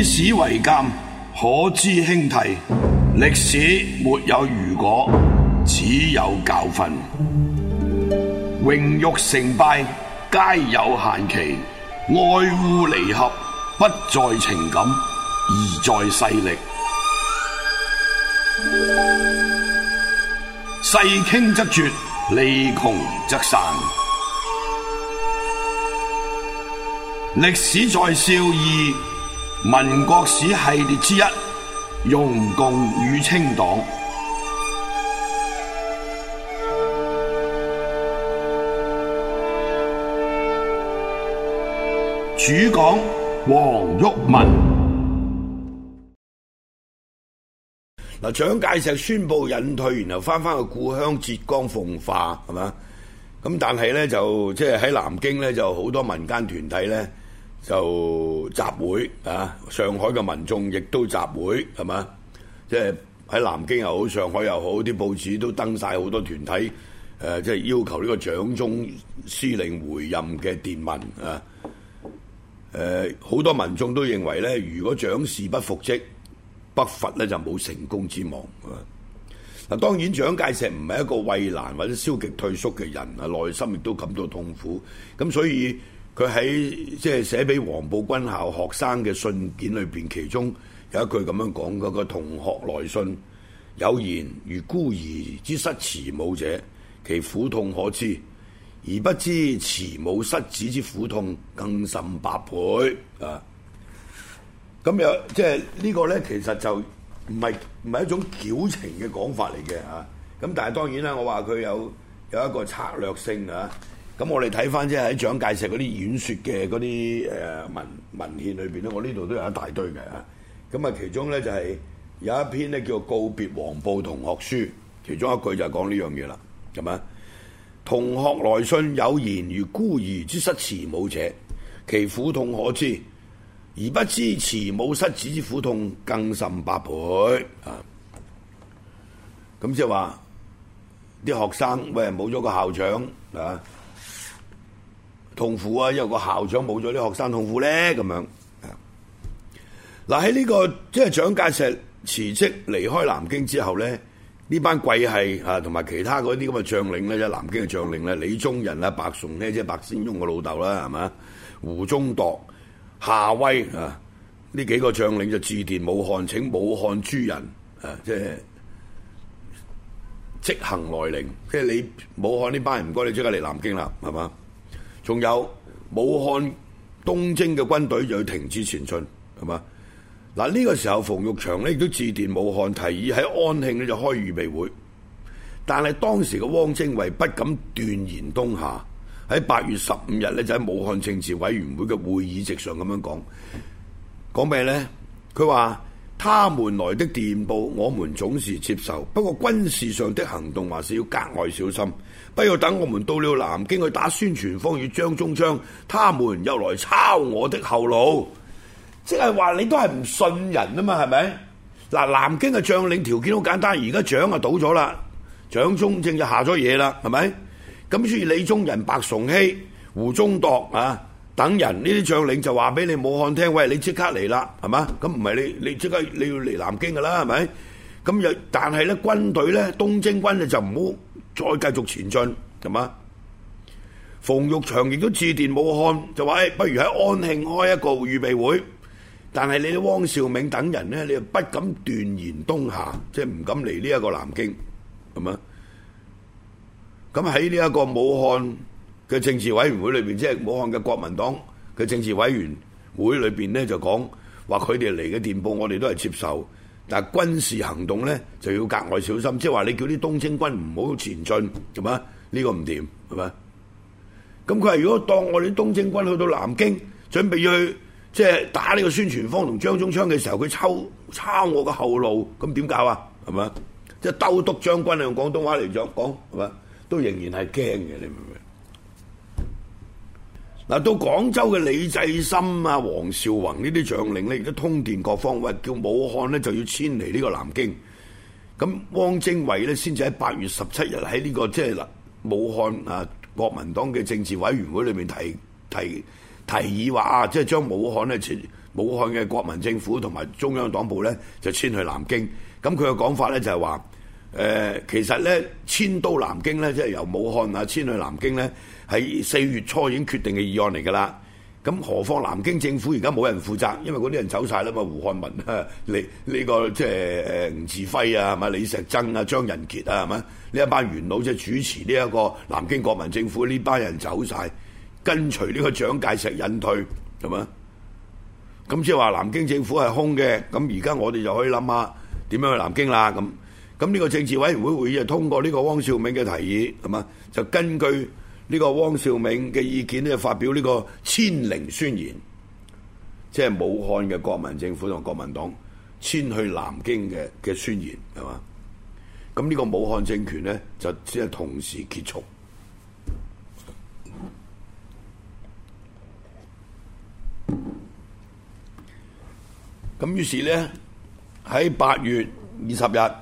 以史為鑑，可知興替。歷史沒有如果，只有教訓。榮辱成敗皆有限期，愛護離合不在情感，而在勢力。世傾則絕，利窮則散。歷史在笑爾。民國史系列之一：容共與清黨，主講黃毓民。嗱，蔣介石宣布引退，然後翻返去故鄉浙江奉化，係咪啊？咁但係咧，就即係喺南京咧，就好多民間團體咧。就集會啊！上海嘅民眾亦都集會，係嘛？即係喺南京又好，上海又好，啲報紙都登晒好多團體誒，即、啊、係、就是、要求呢個蔣中司令回任嘅電文啊！誒、啊，好多民眾都認為呢如果蔣氏不復職，北伐呢就冇成功之望。嗱、啊啊，當然蔣介石唔係一個畏難或者消極退縮嘅人啊，內心亦都感到痛苦。咁所以。佢喺即係寫俾黃埔軍校學生嘅信件裏邊，其中有一句咁樣講：嗰個同學來信，有言如孤兒之失慈母者，其苦痛可知；而不知慈母失子之苦痛，更甚百倍啊！咁樣即係呢個咧，其實就唔係唔係一種矯情嘅講法嚟嘅啊！咁但係當然啦，我話佢有有一個策略性啊。咁我哋睇翻即係喺蔣介石嗰啲演說嘅嗰啲誒文文獻裏邊咧，我呢度都有一大堆嘅吓。咁啊，其中咧就係、是、有一篇呢，叫做《告別黃埔同學書》，其中一句就係講呢樣嘢啦，係咪？同學來信有言，如孤兒之失慈母者，其苦痛可知；而不知慈母失子之苦痛，更甚百倍啊！咁即係話啲學生喂，冇咗個校長啊！痛苦啊！因為個校長冇咗，啲學生痛苦咧，咁樣啊。嗱，喺呢個即係蔣介石辭職離開南京之後咧，呢班桂系啊同埋其他嗰啲咁嘅將領咧，即南京嘅將領咧，李宗仁啊、白崇呢，即係白先勇嘅老豆啦，係嘛？胡宗鐸、夏威啊，呢幾個將領就致電武漢，請武漢諸人啊，即係即行來寧。即係你武漢呢班人唔該，你即刻嚟南京啦，係嘛？仲有武漢東征嘅軍隊就要停止前進，係嘛？嗱、這、呢個時候，馮玉祥呢亦都致電武漢，提議喺安慶呢就開預備會，但係當時嘅汪精衛不敢斷言東下，喺八月十五日呢，就喺武漢政治委員會嘅會議席上咁樣講，講咩呢？」佢話。他們來的電報，我們總是接受。不過軍事上的行動還是要格外小心，不要等我們到了南京去打孫傳芳與張宗昌，他們又來抄我的後路。即係話你都係唔信人啊嘛，係咪？嗱，南京嘅將領條件好簡單，而家蔣啊倒咗啦，蔣中正就下咗野啦，係咪？咁所以李宗仁、白崇禧、胡宗鐸啊？等人呢啲將領就話俾你武漢聽，喂，你即刻嚟啦，係嘛？咁唔係你你即刻你要嚟南京噶啦，係咪？咁又但係咧，軍隊咧，東征軍咧就唔好再繼續前進，係嘛？馮玉祥亦都致電武漢，就話誒，不如喺安慶開一個預備會，但係你啲汪兆銘等人咧，你又不敢斷言東下，即係唔敢嚟呢一個南京，係嘛？咁喺呢一個武漢。嘅政治委員會裏邊，即係武漢嘅國民黨嘅政治委員會裏邊咧，就講話佢哋嚟嘅電報，我哋都係接受，但軍事行動咧就要格外小心。即係話你叫啲東征軍唔好前進，係嘛？呢、這個唔掂係嘛？咁佢話如果當我哋啲東征軍去到南京，準備要去即係、就是、打呢個孫傳芳同張宗昌嘅時候，佢抄抄我嘅後路，咁點搞啊？係嘛？即、就、係、是、兜篤將軍用廣東話嚟講，係嘛？都仍然係驚嘅，你明唔明？嗱，到廣州嘅李濟深啊、黃紹竑呢啲將領咧，亦都通電各方，喂，叫武漢咧就要遷嚟呢個南京。咁汪精衛咧，先至喺八月十七日喺呢、這個即係、就是、武漢啊，國民黨嘅政治委員會裏面提提提，提議話啊，即係將武漢咧遷，武漢嘅國民政府同埋中央黨部呢就遷去南京。咁佢嘅講法呢就係、是、話，誒、呃，其實呢遷都南京呢，即係由武漢啊遷去南京呢。喺四月初已經決定嘅議案嚟㗎啦。咁何況南京政府而家冇人負責，因為嗰啲人走晒啦嘛。胡漢民啊，呢 呢、這個即係誒吳稚暉啊，係咪李石曾啊、張人傑啊，係咪呢一班元老即係主持呢一個南京國民政府呢班人走晒，跟隨呢個蔣介石引退係咪？咁即係話南京政府係空嘅。咁而家我哋就可以諗下點樣去南京啦。咁咁呢個政治委員會會議就通過呢個汪兆銘嘅提議，係嘛？就根據。呢個汪兆銘嘅意見咧，發表呢個遷陵宣言，即係武漢嘅國民政府同國民黨遷去南京嘅嘅宣言，係嘛？咁呢個武漢政權呢，就即係同時結束。咁於是呢，喺八月二十日，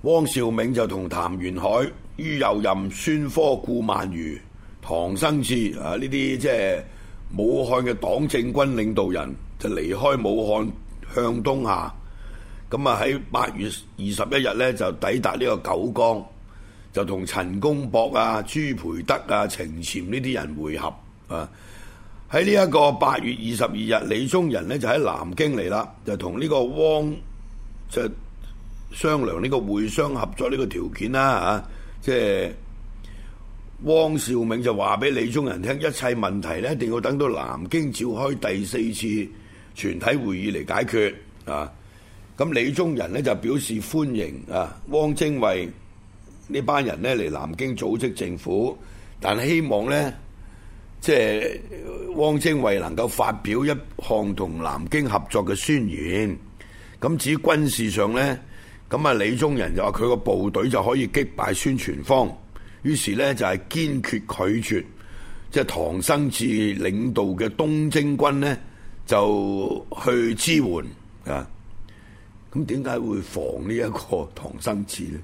汪兆銘就同譚元海。于右任、孫科、顧孟餘、唐生智啊，呢啲即係武漢嘅黨政軍領導人，就離開武漢向東下。咁啊，喺八月二十一日呢，就抵達呢個九江，就同陳公博啊、朱培德啊、程潛呢啲人會合啊。喺呢一個八月二十二日，李宗仁呢就喺南京嚟啦，就同呢個汪即商量呢個會商合作呢個條件啦嚇，啊即係汪兆銘就話俾李宗仁聽，一切問題咧，一定要等到南京召開第四次全體會議嚟解決啊。咁李宗仁呢就表示歡迎啊，汪精衛呢班人咧嚟南京組織政府，但係希望呢，即係汪精衛能夠發表一項同南京合作嘅宣言。咁至於軍事上呢？咁啊，李宗仁就話佢個部隊就可以擊敗孫傳芳，於是咧就係堅決拒絕，即係唐生智領導嘅東征軍呢，就去支援啊。咁點解會防呢一個唐生智呢？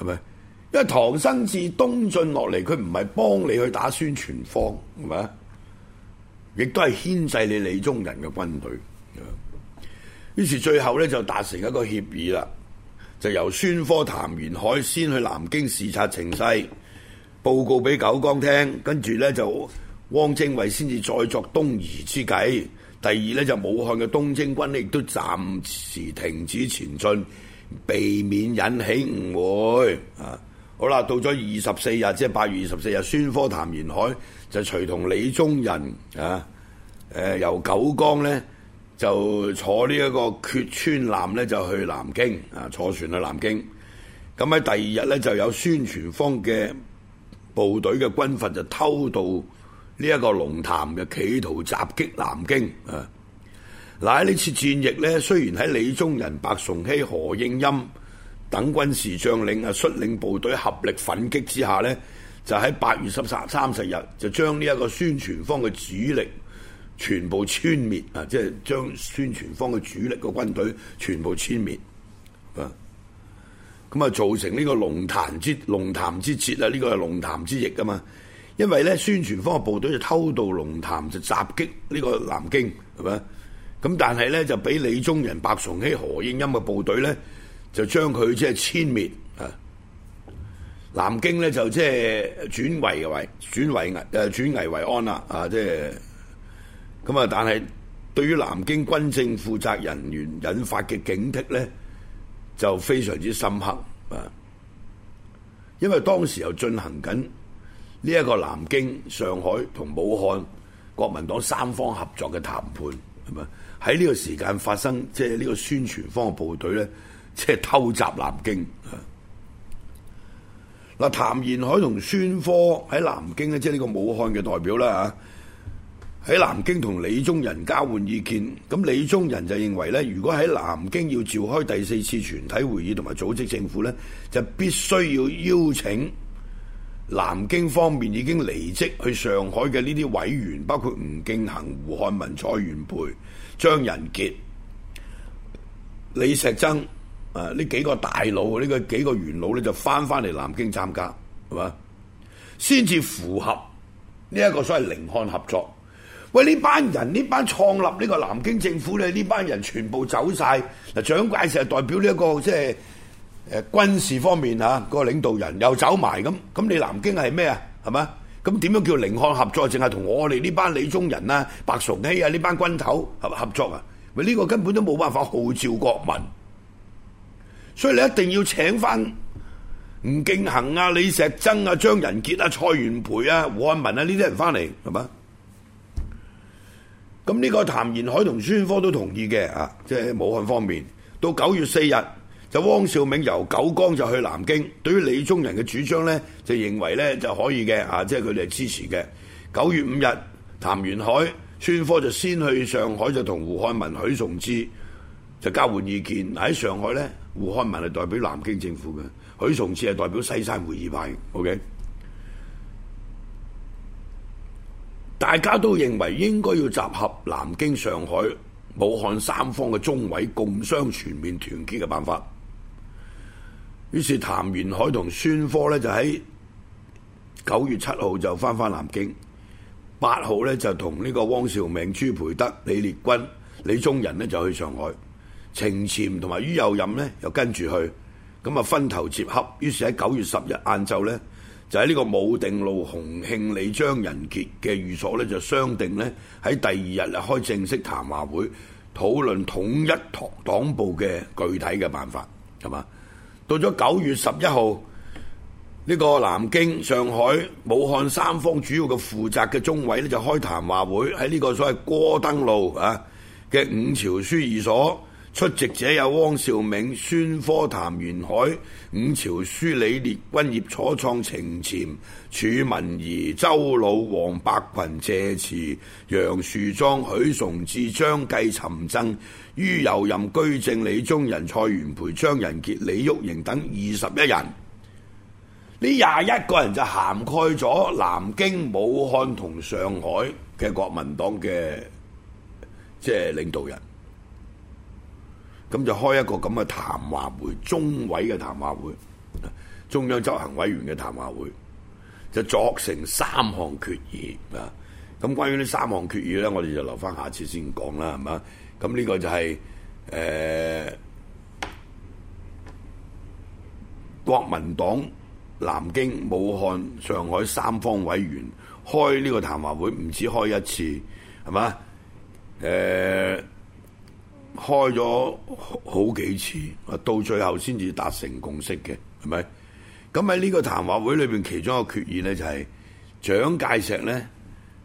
係咪？因為唐生智東進落嚟，佢唔係幫你去打孫傳芳，係咪？亦都係牽制你李宗仁嘅軍隊。於是，是最後咧就達成一個協議啦。就由孫科、譚延闓先去南京視察情勢，報告俾九江聽，跟住呢，就汪精衛先至再作東移之計。第二呢，就武漢嘅東征軍亦都暫時停止前進，避免引起誤會。啊，好啦，到咗二十四日，即係八月二十四日，孫科、譚延闓就隨同李宗仁啊、呃，由九江呢，就坐呢一個決川艦呢就去南京啊！坐船去南京。咁、啊、喺第二日呢，就有孫傳芳嘅部隊嘅軍閥就偷渡呢一個龍潭嘅，企圖襲擊南京啊！嗱，喺呢次戰役呢，雖然喺李宗仁、白崇禧、何應欽等軍事將領啊，率領部隊合力奮擊之下呢，就喺八月十三三十日，就將呢一個孫傳芳嘅主力。全部殲滅啊！即係將孫傳芳嘅主力、嗰個軍隊全部殲滅啊！咁啊，就造成呢個龍潭之龍潭之劫啊！呢個係龍潭之役啊嘛！因為咧，孫傳芳嘅部隊就偷渡龍潭，就襲擊呢個南京，係咪？咁但係咧，就俾李宗仁、白崇禧、何應欽嘅部隊咧，就將佢即係殲滅啊！南京咧就即係轉危為轉危危誒轉危為安啦啊！即係。咁啊！但係對於南京軍政負責人員引發嘅警惕呢，就非常之深刻啊！因為當時又進行緊呢一個南京、上海同武漢國民黨三方合作嘅談判，係咪喺呢個時間發生？即係呢個宣傳方嘅部隊呢，即係偷襲南京啊！嗱，譚延闓同孫科喺南京咧，即係呢個武漢嘅代表啦嚇。啊喺南京同李宗仁交換意見，咁李宗仁就認為咧，如果喺南京要召開第四次全體會議同埋組織政府咧，就必須要邀請南京方面已經離職去上海嘅呢啲委員，包括吳敬恒胡漢民、文蔡元培、張人傑李石曾啊，呢幾個大佬呢個幾個元老咧，就翻翻嚟南京參加係嘛，先至符合呢一個所謂寧漢合作。喂！呢班人，呢班創立呢個南京政府咧，呢班人全部走晒。嗱，蔣介石係代表呢、這、一個即係誒軍事方面嚇、啊這個領導人，又走埋咁。咁你南京係咩啊？係嘛？咁點樣叫寧漢合作？淨係同我哋呢班李宗仁、啦、啊、白崇禧啊呢班軍頭合合作啊？喂，呢個根本都冇辦法號召國民。所以你一定要請翻吳敬恒啊、李石曾、啊、張人傑啊、蔡元培啊、胡漢民啊呢啲人翻嚟係嘛？咁呢個譚延闓同孫科都同意嘅啊，即係武漢方面，到九月四日就汪兆銘由九江就去南京。對於李宗仁嘅主張呢，就認為呢就可以嘅啊，即係佢哋係支持嘅。九月五日，譚延闓、孫科就先去上海就同胡漢民、許崇智就交換意見。喺上海呢，胡漢民係代表南京政府嘅，許崇智係代表西山會議派嘅，OK。大家都認為應該要集合南京、上海、武漢三方嘅中委共商全面團結嘅辦法，於是譚延闓同孫科呢，就喺九月七號就翻返南京，八號呢，就同呢個汪兆銘、朱培德、李烈鈞、李宗仁呢，就去上海，程潛同埋于右任呢，又跟住去，咁啊分頭接洽，於是喺九月十一晏晝呢，就喺呢個武定路洪慶里張仁傑嘅寓所呢，就商定呢，喺第二日啊，開正式談話會，討論統一黨、黨部嘅具體嘅辦法，係嘛？到咗九月十一號，呢、呢個南京、上海、武漢三方主要嘅負責嘅中委呢，就開談話會，喺呢個所謂戈登路啊嘅伍朝樞寓所。出席者有汪兆銘、孫科、譚延闓、伍朝樞、李烈鈞、葉楚傖、程潛、褚民誼、周老、王伯群謝、謝持、楊樹莊、許崇智、張繼、陳曾、于右任、居正、李宗仁、蔡元培、張人傑、李煜瀛等二十一人。呢廿一個人就涵蓋咗南京、武漢同上海嘅國民黨嘅即係領導人。咁就開一個咁嘅談話會，中委嘅談話會，中央執行委員嘅談話會，就作成三項決議啊！咁關於呢三項決議咧，我哋就留翻下，下次先講啦，係嘛？咁呢個就係、是、誒、呃、國民黨南京、武漢、上海三方委員開呢個談話會，唔止開一次，係嘛？誒、呃。開咗好幾次，到最後先至達成共識嘅，係咪？咁喺呢個談話會裏邊，其中一個決議咧就係，蔣介石咧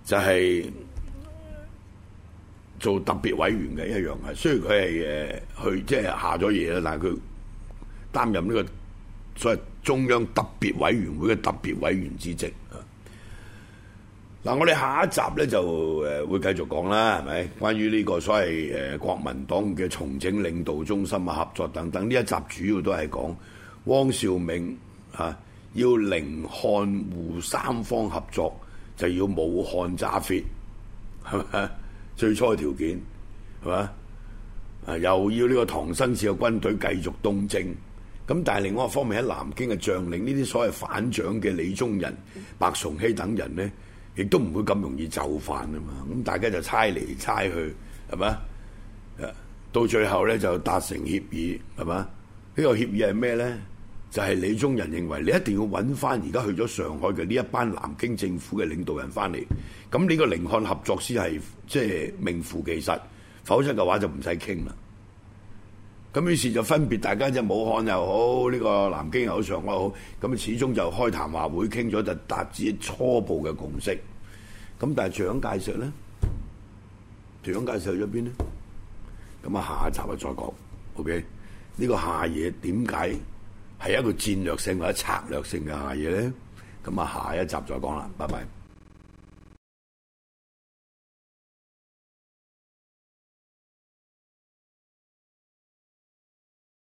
就係、是、做特別委員嘅一樣嘅。雖然佢係誒去即係、就是、下咗嘢啦，但係佢擔任呢個所謂中央特別委員會嘅特別委員之職。嗱，我哋下一集咧就誒會繼續講啦，係咪？關於呢個所謂誒國民黨嘅重整領導中心啊、合作等等。呢一集主要都係講汪兆銘啊，要寧漢滬三方合作，就要武漢炸飛，係咪？最初嘅條件係嘛？啊，又要呢個唐生智嘅軍隊繼續東征。咁但係另外一方面喺南京嘅將領，呢啲所謂反蔣嘅李宗仁、白崇禧等人呢，亦都唔會咁容易就範啊嘛，咁大家就猜嚟猜去，係嘛？誒，到最後咧就達成協議，係嘛？呢、這個協議係咩咧？就係李宗仁認為你一定要揾翻而家去咗上海嘅呢一班南京政府嘅領導人翻嚟，咁呢個寧漢合作先係即係名副其實，否則嘅話就唔使傾啦。咁於是就分別，大家即係武漢又好，呢個南京又好、上海又好，咁啊，始終就開談話會傾咗，就達至初步嘅共識。咁但係蔣介石咧，蔣介石去咗邊呢？咁啊，下一集啊再講。OK，呢個下野點解係一個戰略性或者策略性嘅下野咧？咁啊，下一集再講啦。拜拜。